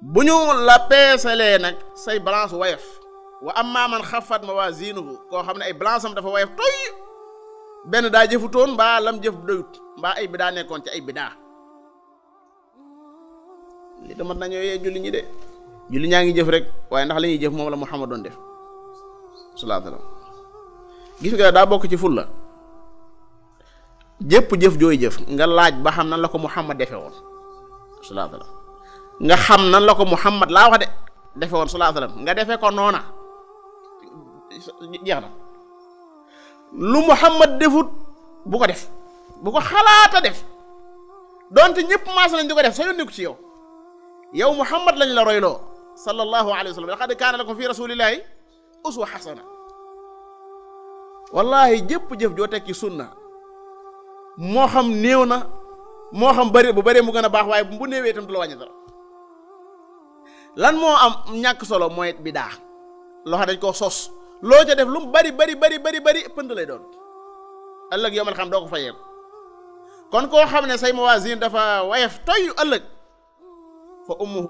bu ñu la peesalee nag say balance wayef wa amma man xafat mawazinuhu koo xam ne ay balance am dafa wayef toy benn daa jëfutoon mbaa lam jëf doyut mbaa ay bidaa nekkoon ci ay bidaa li damat nañoo yee julli ñi de julli ñaa ngi jëf rek waaye ndax la ñuy jëf moom la Muhammad doon def sallallahu alayhi nga daa bokk ci fulla jëpp jëf jooy jëf nga laaj ba xam nan la ko Muhammad defe woon sallallahu alayhi wa nga xam nan la ko Muhammad laa wax de defe woon sallallahu alayhi wasallam nga defe ko noona jeex na lu Muhammad defut bu ko def bu ko xalaata def donte ñëpp maas nañ di ko def sa yónni ko ci yow yow Muhammad lañ la royloo sallallahu alayhi wasallam laqad kaana lakum fi rasulillahi uswa xasana wallahi jëpp jëf joo tekki sunna moo xam néew na moo xam bëri bu bëree mu gën a baax waaye bu néewee itam du la wàññi lan moo am ñàkk solo mooy bidaa loxo dañ ko sos loo ca def lu mu bari bari bari bari bari pënd lay doon ëllëg yomal xam doo ko fayee kon koo xam ne say mawasin dafa wayef toy ëllëg fa ummu